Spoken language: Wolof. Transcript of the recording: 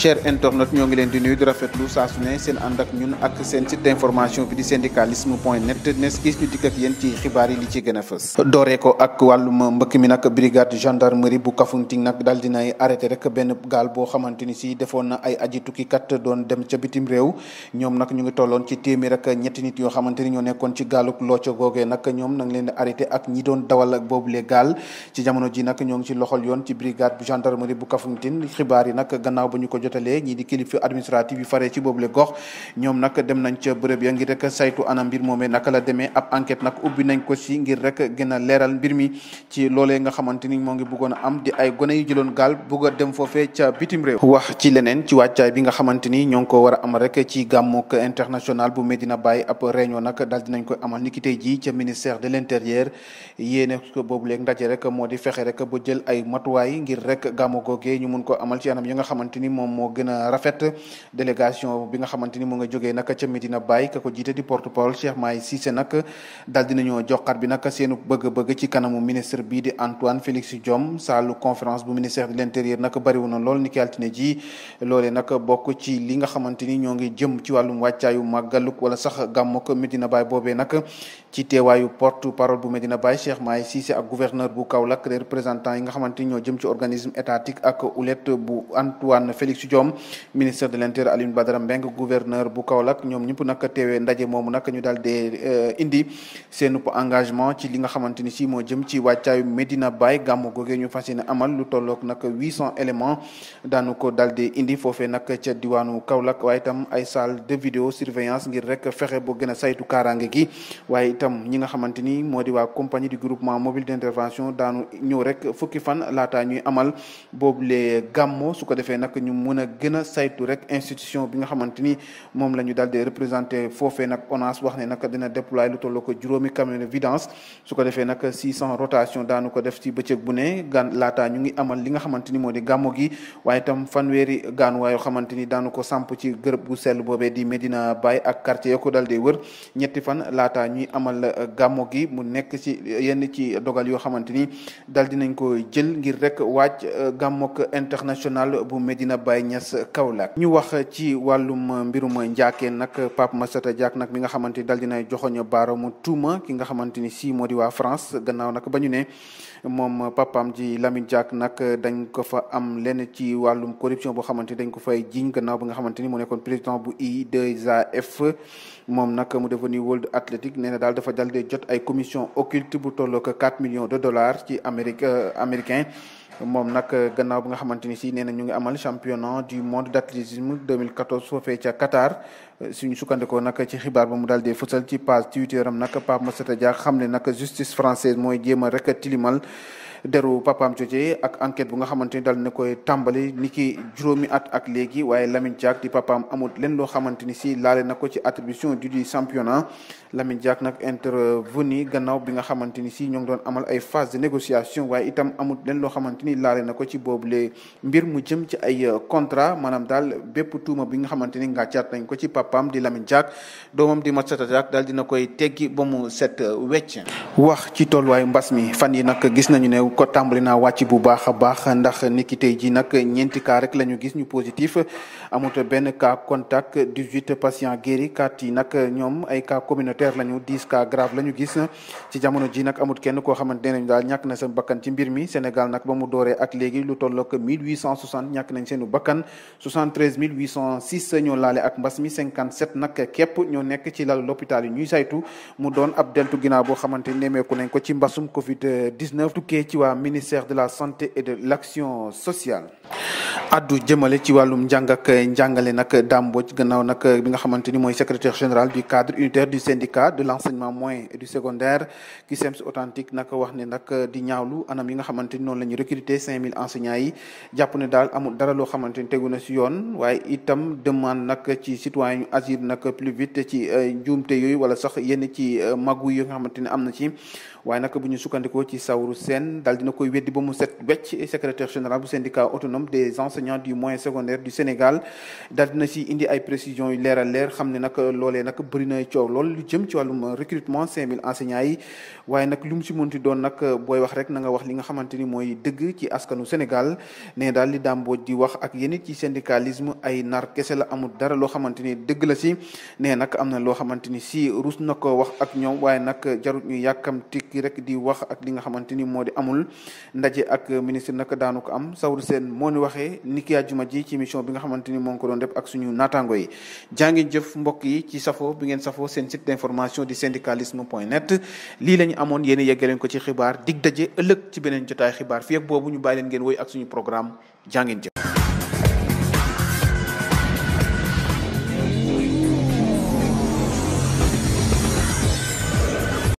cher internautes ñoo ngi leen di nuyu di rafetlu saa su ne seen ànd ak ñun ak seen site d'information bi di syndicalisme point net nes gis ñu dikk ak ci xibaar yi li ci gën a fës dooree ak wàllum mbëkk mi nag brigade gendarmerie bu Kafountine na ñu ngi tolloon ci téeméer ak ñetti nit yoo xamante ni ñoo nekkoon ci gaaluk looco googee nag ñoom nang leen di arrêté ak ñi doon dawal ak boobu les gaal ci jamono ji nag ñoo ngi ci xibaar yi nag gannaaw ba ñu ko jot jotalee ñii di kilifa administratif yi faree ci boobule gox ñoom nag dem nañ ca bërëb ya ngir rek saytu anam mbir moomee naka la demee ab enquête nag ubbi nañ ko si ngir rek gën a leeral mbir mi ci loolee nga xamante ni moo ngi bëggoon a am di ay gone yu jëloon gaal bëgg a dem foofee ca bitim réew wax ci leneen ci wàccaay bi nga xamante ni ñoo ngi ko war a am rek ci gàmmuk international bu Medina na ab réunion nag daal dinañ koy amal niki tey jii ca ministère de l'intérieur yéene ko boobu ndaje rek moo di fexe rek bo jël ay matuwaay ngir rek gàmmu googee ñu amal ci anam yi nga moo gën a rafet délégation bi nga xamante ni mu nga jógee ca Medina Baye ka ko jiite di porte parole Cheikh Mahi Cissé bi nag seenu bëgg-bëgg ci kanamu ministre bii ni ki ngi ci wàllum wàccaayu màggaluk wala sax gàmmuk Medina Baye boobee nag ci teewaayu porte parole bu Medina Baye Cheikh ak gouverneur bu Kaolack des yi nga xamante ñoo jëm ci organisme étatique ak ulet bu Antoine Félix Diome ministre de l'intérieur Alioune Badara Mbengue gouverneur bu Kaolack ñoom ñëpp nag teewee ndaje moomu nag ñu daal dee euh, indi seen engagement ci li nga xamante ni si moo jëm ci wàccaayu Medina Baye gàmmu googee ñu fas yéene amal lu tollook nag huit cent daanu ko daal di indi foofee nag ca diwaanu Kaolack waaye itam ay salle de vidéo ngir rek fexe boo gën a saytu kaaraange gi waaye ñi nga xamante ni moo di waa compagnie du groupement mobile d'intervention daanu ñëw rek fukki fan laata ñuy amal boobu le gàmmo su defee nag ñu mën a gën a saytu rek institution bi nga xamante moom la ñu daal di représenté foofee wax ne nag dina déployer lu tolloo ko juróomi camion vidange su ko defee nag rotation daanu ko def ci bëccëg bu ne gan ñu ngi amal li nga xamante ni moo di gàmmo gi waaye itam fanweeri gaanuwaay yoo ni daanu ko samp ci gërëb gu sell boobee di Medina Baye ak quartier yoo ko daal wër ñetti fan laataa ñuy amal gàmmo gi mu nekk ci yenn ci dogal yoo xamante ni daal dinañ ko jël ngir rek waaj gàmmok international bu Medina Baye Niass Kaolack ñu wax ci wàllum mbirum njaakeen nag Pape Massata Diack nag mi nga xamante ni daal dinay joxoñ baaraamu tuuma ki nga xamante ni si moo di waa France gannaaw nag ba ñu ne moom papam ji Lamine Diack nag dañ ko fa am lenn ci wàllum corruption boo xamante ni dañ ko fay jiñ gannaaw bi nga xamante ni mu nekkoon président bu I2AF moom nag mu devenu World Athletic nee na daal dafa dal jot ay commission occulte bu tolloo ko million millions de dollars ci Amérique euh, américain moom nag euh, gannaaw bi nga xamante ni si nee na ñu ngi amal championnat du monde d' athlétisme 2014 foofee ca Qatar euh, suñu sukkandikoo nag ci xibaar ba mu daal di fësal ci page Twitter am nag Pape Massata Dia xam ne nag justice française mooy jéem a rek tilimal deru papaam jooje ak enquête bu nga xamante ni dal na koy tàmbali ni ki juróomi at ak léegi waaye Lamine Diack di papam amut lenn loo xamante ni si laale na ko ci attribution di championnat Lamine Diack nag intervenu gannaaw bi nga xamante ni si ñoo ngi doon amal ay phase de négociation waaye itam amul lenn loo xamante ni laale na ko ci boobule mbir mu jëm ci ay contrat maanaam daal bépp tuuma bi nga xamante ni nga caat nañ ko ci papaam di Lamine Diack doomam di Massata Diack daal dina koy teggi ba mu set wecc wax ci tolluwaayu mbas mi fan yi nag gis nañu ne ñu ko tàmbali naa wàcc bu baax a baax ndax niki tey ji ñeenti cas rek la ñu gis ñu positif amut benn cas contact patients guéri kat yi ñoom ay cas communautaire la ñu 10 cas grave la ñu gis ci jamono ji amut kenn koo xamante ne daal ñàkk na seen bakkan ci mbir mi Sénégal nag ba mu dooree ak léegi lu tollook 1860 ñàkk nañ seenu bakkan 73 806 ñoo laale ak mbas mi 57 nag képp ñoo nekk ci lalu l'hôpital yi ñuy saytu mu doon ab deltu ginnaaw boo xamante nemeeku nañ ko ci mbasum covid tukkee ci waa ministère de la santé et de l'action sociale addu jëmale ci wàllum njàng ak njàngale nag dambo ci gannaaw nag bi nga xamante ni mooy secrétaire général du cadre unitaire du syndicat de l' enseignement moyen et du secondaire CUSEMS authentique nag wax ne nag di ñaawlu anam yi nga xamante ni noonu la ñu recruter 5000 enseignants yi jàpp ne daal amul dara loo xamante ni tegu na si yoon waaye itam demande nag ci citoyen ñu agir nag plus vite ci euh, njuumte yooyu wala sax yenn ci euh, magu yi nga xamante ni am na ci waaye nag bu ñu sukkandikoo ci sawru seen daal dina koy weddi ba mu set wecc secrétaire général bu syndicat autonome des enseignants du moyen secondaire du Sénégal daal dina si indi ay précisions yu leer xam ne nag loolee nag bëri na coow lool lu jëm ci wàllum recrutement 5000 enseignants yi waaye nag lu si mënti doon nag booy wax rek na nga wax li nga xamante ni mooy dëgg ci askanu Sénégal ne daal di li dàmbooj di wax ak yeneen ci syndicalisme ay nar kese la amul dara loo xamante ni dëgg la si ne nag am na loo xamante ni si rus na ko wax ak ñoom waaye nag jarut ñu yàkkamti ki rek di wax ak li nga xamante ni moo di amul jàppale niki ci émission bi nga xamante ni doon def ak suñu naataango yi jàngeen jëf mbokk ci safo bi ngeen safo seen site d'information di syndicalisme net lii la amoon yéen yeggaleen ko ci xibaar dig daje ëllëg ci beneen jotaay xibaar fii boobu ñu bàyyi leen ngeen woy ak suñu programme jàngeen jëf